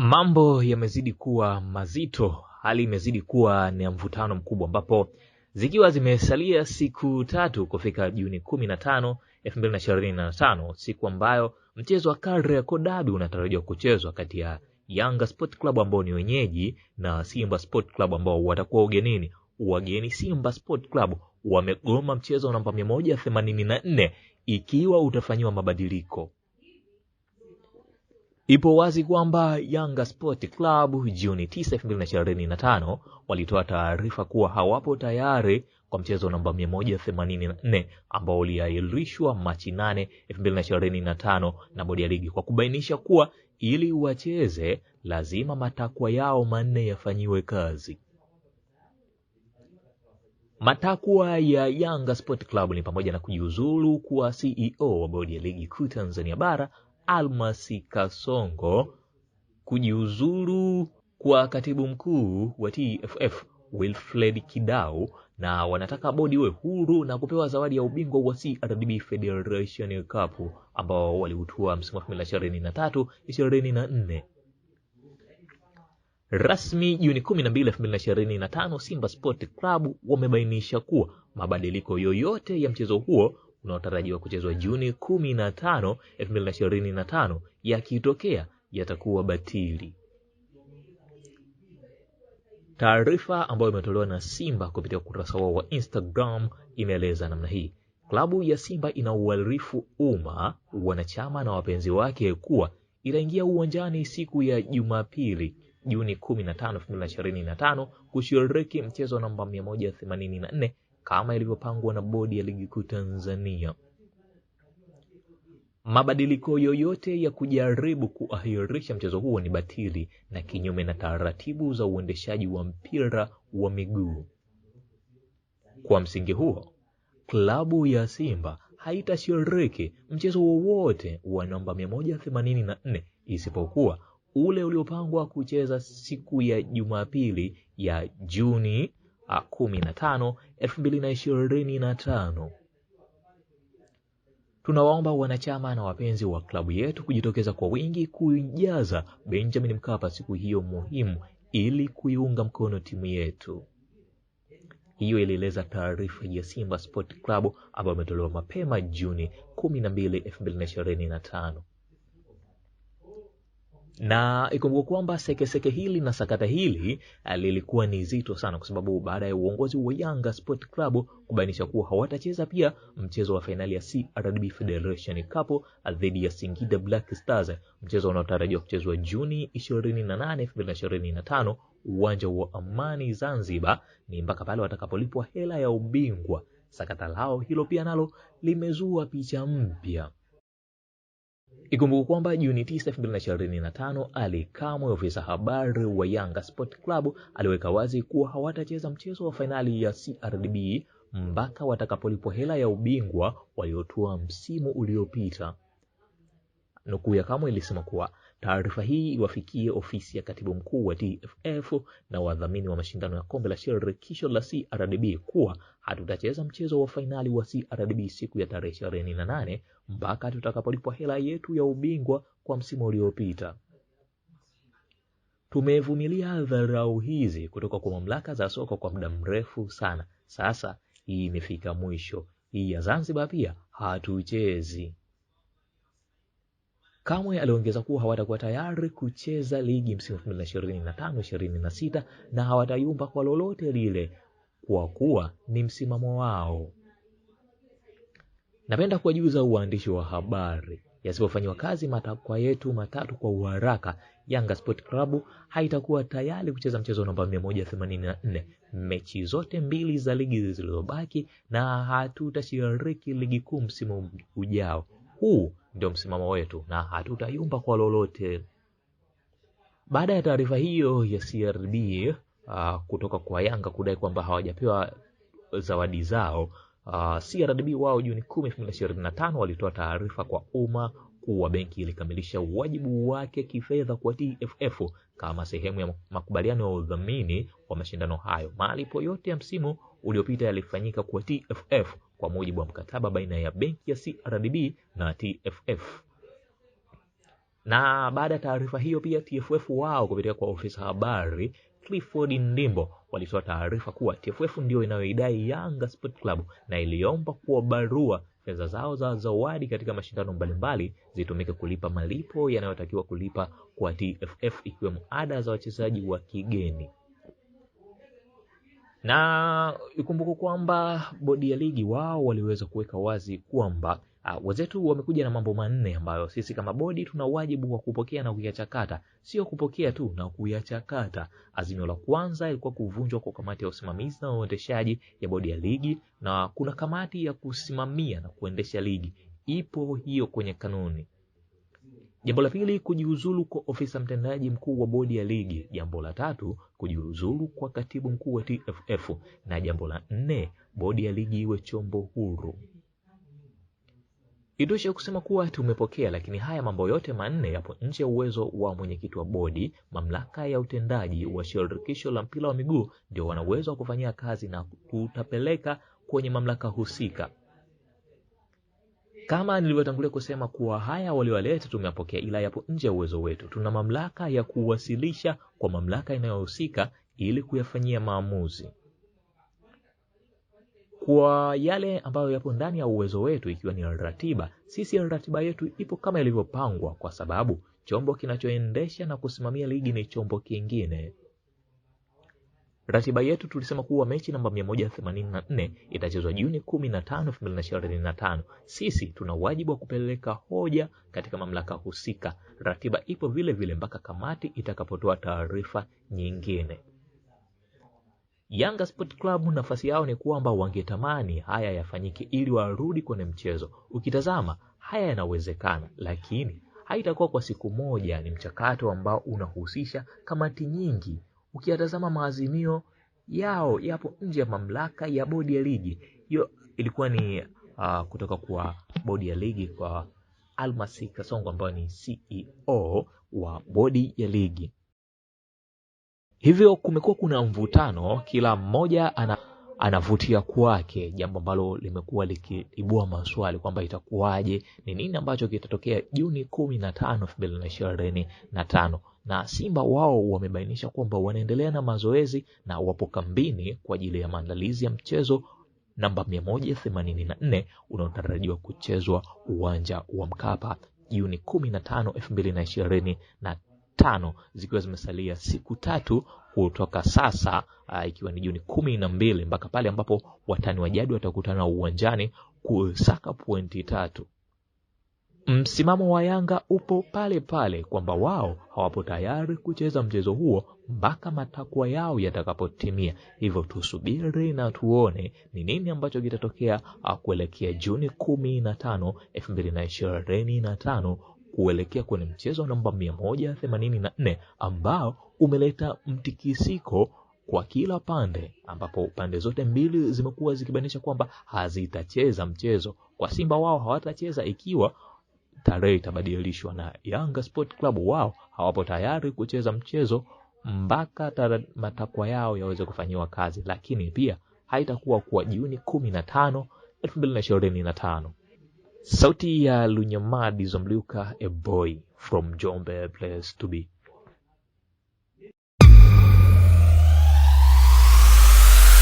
Mambo yamezidi kuwa mazito, hali imezidi kuwa ni mvutano mkubwa, ambapo zikiwa zimesalia siku tatu kufika Juni 15, 2025, siku ambayo mchezo wa Kariakoo Derby unatarajiwa kuchezwa kati ya Yanga Sport Club ambao ni wenyeji na Simba Sport Club ambao watakuwa ugenini. Wageni Simba Sport Club wamegoma mchezo namba 184 ikiwa utafanyiwa mabadiliko. Ipo wazi kwamba Yanga Sport Club Juni 9, 2025 walitoa taarifa kuwa hawapo tayari kwa mchezo namba 184 ambao uliahirishwa Machi 8, 2025 na bodi ya ligi kwa kubainisha kuwa ili wacheze lazima matakwa yao manne yafanyiwe kazi. Matakwa ya Yanga Sport Club ni pamoja na kujiuzulu kuwa CEO wa bodi ya ligi kuu Tanzania bara Almasi Kasongo kujiuzulu kwa katibu mkuu wa TFF Wilfred Kidau na wanataka bodi iwe huru na kupewa zawadi ya ubingwa wa CRDB Federation Cup ambao waliutua msimu wa 2023 2024. Rasmi Juni 12, 2025 Simba Sport Club wamebainisha kuwa mabadiliko yoyote ya mchezo huo unaotarajiwa kuchezwa Juni 15, 2025 yakitokea yatakuwa batili. Taarifa ambayo imetolewa na Simba kupitia ukurasa wao wa Instagram imeeleza namna hii: klabu ya Simba ina uarifu umma, wanachama na wapenzi wake kuwa itaingia uwanjani siku ya Jumapili Juni 15, 2025 kushiriki mchezo namba 184 kama ilivyopangwa na Bodi ya Ligi Kuu Tanzania. Mabadiliko yoyote ya kujaribu kuahirisha mchezo huo ni batili na kinyume na taratibu za uendeshaji wa mpira wa miguu. Kwa msingi huo, klabu ya Simba haitashiriki mchezo wowote wa namba 184 isipokuwa ule uliopangwa kucheza siku ya Jumapili ya Juni kumi Tunawaomba wanachama na wapenzi wa klabu yetu kujitokeza kwa wingi kuijaza Benjamin Mkapa siku hiyo muhimu ili kuiunga mkono timu yetu. Hiyo ilieleza taarifa ya Simba Sport Club ambayo imetolewa mapema Juni 12, 2025 na ikumbuka kwamba sekeseke hili na sakata hili eh, lilikuwa ni zito sana, kwa sababu baada ya uongozi wa Yanga Sport Club kubainisha kuwa hawatacheza pia mchezo wa fainali ya CRDB Federation Cup eh, dhidi ya Singida Black Stars, eh, mchezo unaotarajiwa kuchezwa Juni 28, 2025 uwanja wa Amani Zanzibar, ni mpaka pale watakapolipwa hela ya ubingwa. Sakata lao hilo pia nalo limezua picha mpya. Ikumbuka kwamba Juni 9, 2025 Ali Kamwe, ofisa habari wa Yanga Sport Club, aliweka wazi kuwa hawatacheza mchezo wa fainali ya CRDB mpaka watakapolipwa hela ya ubingwa waliotoa msimu uliopita. Nukuu ya Kamwe ilisema kuwa Taarifa hii iwafikie ofisi ya katibu mkuu wa TFF na wadhamini wa mashindano ya kombe la shirikisho la CRDB kuwa hatutacheza mchezo wa fainali wa CRDB siku ya tarehe 28 mpaka tutakapolipwa hela yetu ya ubingwa kwa msimu uliopita. Tumevumilia dharau hizi kutoka kwa mamlaka za soka kwa muda mrefu sana. Sasa hii imefika mwisho. Hii ya Zanzibar pia hatuchezi. Kamwe aliongeza kuwa hawatakuwa tayari kucheza ligi msimu 2025-26 na hawatayumba kwa lolote lile kwa kuwa ni msimamo wao. Napenda kuwajuza uandishi wa habari, yasipofanywa kazi matakwa yetu matatu kwa uharaka, Yanga Sport Club haitakuwa tayari kucheza mchezo namba 184 mechi zote mbili za ligi zilizobaki, na hatutashiriki ligi kuu msimu ujao. Huu ndio msimamo wetu na hatutayumba kwa lolote. Baada ya taarifa hiyo ya CRB uh, kutoka kwa Yanga kudai kwamba hawajapewa zawadi zao uh, CRB wao Juni 10, 2025 walitoa taarifa kwa umma kuwa benki ilikamilisha wajibu wake kifedha kwa TFF kama sehemu ya makubaliano ya udhamini wa mashindano hayo. Malipo yote ya msimu uliopita yalifanyika kwa TFF kwa mujibu wa mkataba baina ya benki ya CRDB na TFF. Na baada ya taarifa hiyo pia TFF wao kupitia kwa ofisa habari Clifford Ndimbo walitoa taarifa kuwa TFF ndio inayoidai Yanga Sport Club na iliomba kuwa barua fedha zao za zawadi katika mashindano mbalimbali zitumike kulipa malipo yanayotakiwa kulipa kwa TFF ikiwemo ada za wachezaji wa kigeni na ikumbuke kwamba bodi ya ligi wao waliweza kuweka wazi kwamba uh, ah, wazetu wamekuja na mambo manne ambayo sisi kama bodi tuna wajibu wa kupokea na kuyachakata, sio kupokea tu na kuyachakata. Azimio la kwanza ilikuwa kuvunjwa kwa kamati ya usimamizi na uendeshaji ya bodi ya ligi, na kuna kamati ya kusimamia na kuendesha ligi, ipo hiyo kwenye kanuni. Jambo mm. la pili, kujiuzulu kwa ofisa mtendaji mkuu wa bodi ya ligi. Jambo la tatu, kujiuzulu kwa katibu mkuu wa TFF, na jambo la nne, bodi ya ligi iwe chombo huru. Itoshe kusema kuwa tumepokea, lakini haya mambo yote manne yapo nje ya uwezo wa mwenyekiti wa bodi. Mamlaka ya utendaji wa shirikisho la mpira wa miguu ndio wana uwezo wa kufanyia kazi na kutapeleka kwenye mamlaka husika. Kama nilivyotangulia kusema kuwa haya waliowaleta tumeyapokea, ila yapo nje ya uwezo wetu. Tuna mamlaka ya kuwasilisha kwa mamlaka inayohusika ili kuyafanyia maamuzi. Kwa yale ambayo yapo ndani ya uwezo wetu, ikiwa ni ratiba, sisi ratiba yetu ipo kama ilivyopangwa, kwa sababu chombo kinachoendesha na kusimamia ligi ni chombo kingine. Ratiba yetu tulisema kuwa mechi namba 184 itachezwa Juni 15, 2025. Sisi tuna wajibu wa kupeleka hoja katika mamlaka husika. Ratiba ipo vile vile mpaka kamati itakapotoa taarifa nyingine. Yanga Sport Club nafasi yao ni kwamba wangetamani haya yafanyike ili warudi kwenye mchezo. Ukitazama haya yanawezekana, lakini haitakuwa kwa siku moja. Ni mchakato ambao unahusisha kamati nyingi Ukiyatazama maazimio yao yapo nje ya mamlaka ya bodi ya ligi. Hiyo ilikuwa ni uh, kutoka kwa bodi ya ligi kwa Almasi Kasongo ambayo ni CEO wa bodi ya ligi. Hivyo kumekuwa kuna mvutano, kila mmoja ana anavutia kwake, jambo ambalo limekuwa likiibua maswali kwamba itakuwaje, ni nini ambacho kitatokea Juni kumi na tano elfu mbili na ishirini na tano na Simba wao wamebainisha kwamba wanaendelea na mazoezi na wapo kambini kwa ajili ya maandalizi ya mchezo namba 184 unaotarajiwa kuchezwa uwanja wa Mkapa Juni 15, 2025 zikiwa zimesalia siku tatu kutoka sasa uh, ikiwa ni Juni kumi na mbili mpaka pale ambapo watani wa jadi watakutana uwanjani kusaka pointi tatu. Msimamo wa Yanga upo pale pale kwamba wao hawapo tayari kucheza mchezo huo mpaka matakwa yao yatakapotimia. Hivyo tusubiri na tuone ni nini ambacho kitatokea ah, kuelekea Juni kumi na tano elfu mbili na ishirini na tano kuelekea kwenye mchezo namba mia moja themanini na nne ambao umeleta mtikisiko kwa kila pande, ambapo pande zote mbili zimekuwa zikibainisha kwamba hazitacheza mchezo. Kwa Simba wao hawatacheza ikiwa tarehe itabadilishwa, na Yanga Sport Club wao hawapo tayari kucheza mchezo mpaka matakwa yao yaweze kufanyiwa kazi, lakini pia haitakuwa kwa Juni kumi na tano elfu mbili na ishirini na tano. Sauti ya Lunyamadi Zomliuka, a boy from Jombe, place to be.